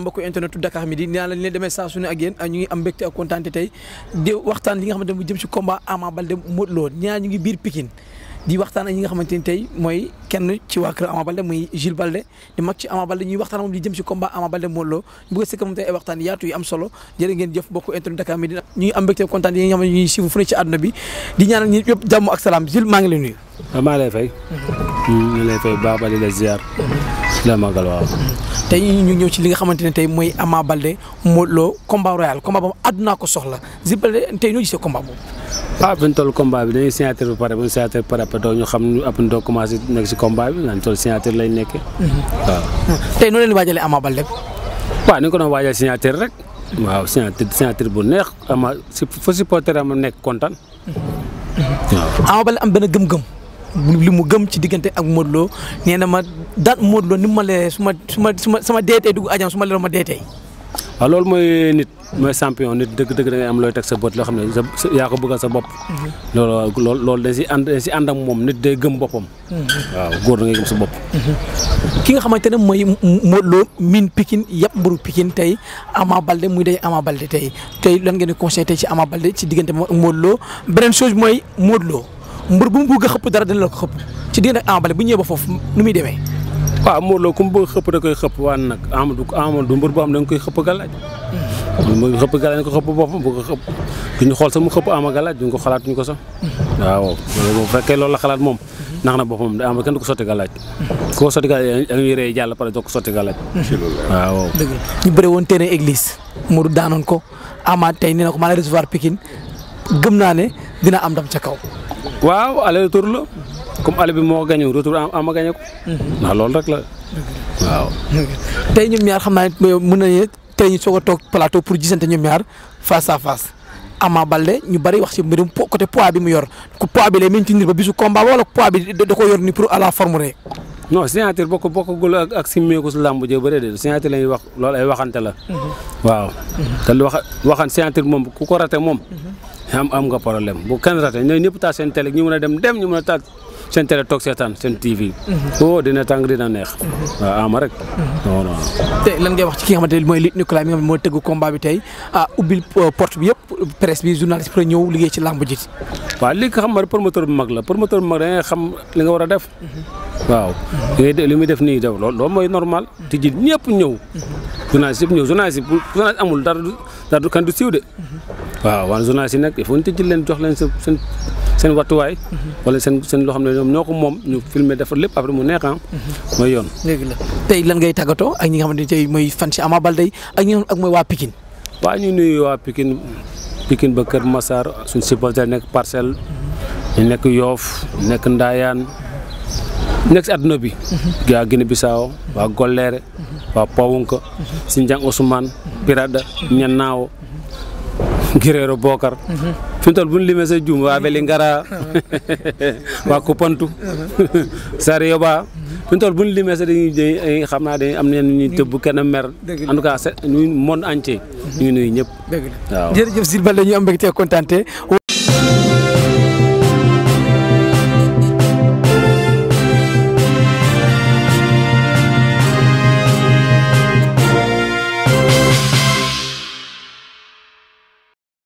mbokku internetu Dakar Midi nee naa la li leen demee saa su ne ah, am mbégte ak kontaante tey a am Midi ñu ngi am ñuy siifu ak salaam Jules maa nuyu ah, si la màggal waaw. tey ñu ñëw ci li nga xamante ne tey mooy Ama Baldé Modou Lo combat royal combat boobu àdduna ko soxla Jules Baldé tey ñoo gisee combat boobu. ah bi ñu toll combat bi dañuy signature ba pare ba ñu signature ba pare après doo ñu xam ñu après doo lay nekkee. Mhm. tey noo leen waajalee Ama Baldé. waaw ni nga waajal signature rek. waaw signature bu neex ama si fa supporter nekk kontaan. Mhm. waaw Ama am benn gëm-gëm. li mu gëm ci diggante ak Modou Lo nee ma daat Modou Lo ni ma lee su ma su ma su ma sama deetee dugg ajam su ma lee ma deetee waaw loolu mooy nit mooy champion nit dëgg dëgg da ngay am looy teg sa bët loo xam ne sa yaa ko sa bopp. Mhm. loolu loolu loolu da si ànd moom nit day gëm boppam. Mhm. waaw góor da ngay gëm sa bopp. Mhm. ki nga xamante ne mooy Modou Lo miin Pikine yëpp mburu Pikine tey Ama Balde muy day Ama Balde tey tey lan ngeen di conseillé tey ci Ama Balde ci diggante Modou Lo beneen chose mooy Modou mbër bu mu bëgg a xëpp dara dina la ko xëpp ci diggante ak Ama Baldé bu ñëwee ba foofu nu muy demee. waaw ah, Modou Lo ku mu bëgg xëpp da koy xëpp waaye nag Amadou Amadou mbër boo xam da nga koy xëpp galaaj. Hmm. mu ko xëpp boppam bu ko xëpp duñu xool sax mu xëpp ama galaaj duñ ko xalaatuñu ko sax. Hmm. waaw la xalaat moom. Hmm. na boppam da am kenn du ko sotti galaaj. ku ko sotti galaaj da ngay rey jàll pare ko sotti galaaj. waaw. dëgg la ñu bëri woon terrain église. Modou daanoon ko Ama tey nee na ko maa ngi naa ne dina am ndam ca kaw. waaw aller retour la comme aller bi moo ko gañu retour ama gañe ko ndax loolu rek la waaw tey ñoom ñaar xam naa ne mën nañu te ñu soog a toog plateau pour gisante ñoom ñaar face a face Ama Baldé ñu bari wax ci mbirum côté bi mu yor ku poids bi lay maintenir ba bisu combat ba wala poids da ko yor ni pour à la forme non signature bokk bokkagul ak ak simmeeku si làmb jee bëre de signature la ñuy wax loolu ay waxante la. Mhm. waaw te lu wax waxan signature moom ku ko rate moom. Mhm. am am nga problème bu kenn rate ñooñu ñëpp taal seen télé ñu mën a dem dem a taal seen télé toog seetaan seen TV. Mhm. oh dina tàng dina neex. waaw ama rek. non non. te lan ngay wax ci ki nga xamante mooy tëgg combat bi tey ah ubbil bi yëpp presse bi journaliste pour ñëw liggéey ci làmb ji. waaw li nga xam ne promoteur bu mag la promoteur bu mag da xam li nga war a def. waaw li muy def nii daw loolu mooy normal mm-hmm. te ji ñëpp ñëw mm-hmm. journaliste yëpp ñëw journaliste bu journaliste amul dara du dara du kan du de mm-hmm. waaw waaw journaliste yi nag il faut ñu leen jox leen seen seen seen wattuwaay wala seen seen loo xam ne ñoo ko moom ñu filmer defar lépp après mu neexam ah. mooy yoon léegi la tey lan ngay tàggatoo ak ñi nga xamante ne tey mooy fan si Ama Baldé ak ñi ak mooy waa Pikine waaw ñu nuy waa Pikine Pikine ba Kër Massar suñ supporter nekk parcelle ñu nekk yoof nekk Ndaayaan nekk si àdduna bi waa mhm. Guinée Bissau waa Golleere mhm. waa Pawunka mhm. Sinjang Ousmane Pirada Ñannaawo Guerrero Bokar fi bu ñu limee sa waa Vélingara waa Koupantou Sarioba fi mu bu ñu limee sax dañuy xam naa dañuy am nañu ñuy tëbb kenn mer. en tout cas c'est ñun monde entier. ñëpp. waaw